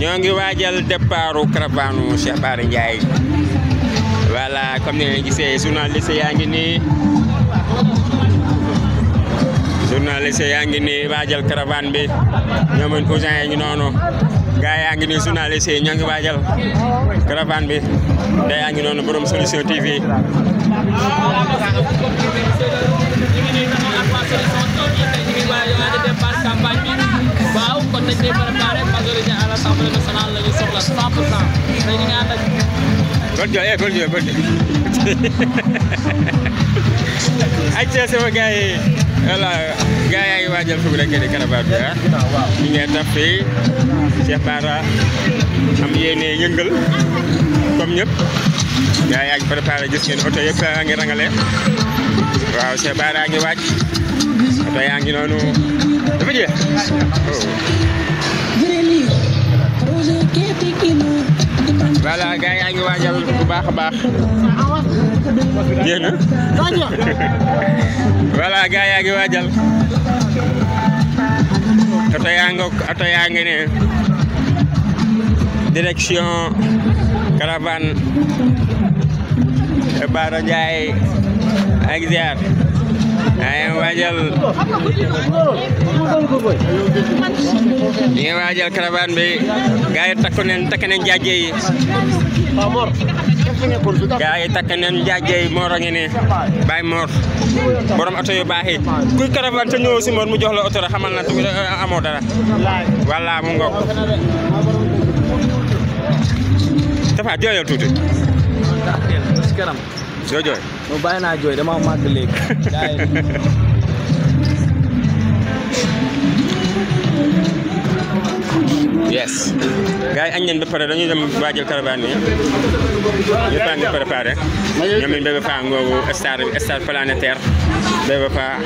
ñoo ngi waajal départu caravane Cheikh Bara Ndiaye voilà comme ni ngeen gisee journaliste yaa ngi nii journaliste yaa ngi nii waajal caravane bi ñoom Ousin yi ngi noonu gaa yaa ngi nii journaliste yi ñoo ngi waajal caravane bi da yaa ngi noonu borom solution TV. waaw assemblée nationale la ñu soxla 100 pour cent tey ñu ngi ànd ak. kon jooy eh kon jooy kon jooy ak ca sama gars yi voilà gars yaa ngi waajal fi mu nekkee di caravane bi ah. ñu ngi taf fii Cheikh Bara am yéene yëngal comme ñëpp gars yaa ngi préparé gis ngeen oto yëpp yaa ngi rangale waaw Cheikh Bara a ngi waaj oto yaa ngi noonu dafa jeex. Oh. voilà gars yaa ngi bu baax a baax. génn. voilà gars yaa ngi waajal. oto yaa ngi oto yaa ngi ne direction caravane Baara Ndiaye ak ñu ngi waajal caravane bi gars yi takku neen takk neen jaajëy yi gars yi a borom oto yu baax yi te ñëw si mu jox la oto rek xamal na eh, eh, amoo dara walla mu ngoog dafa jooyal tuuti si naa jooy yes gars yi añ nañ ba pare dañuy dem waajal caravane bi yëpp a ngi préparé ñoom it Bébé Paa ngoogu star star planétaire Bébé Paa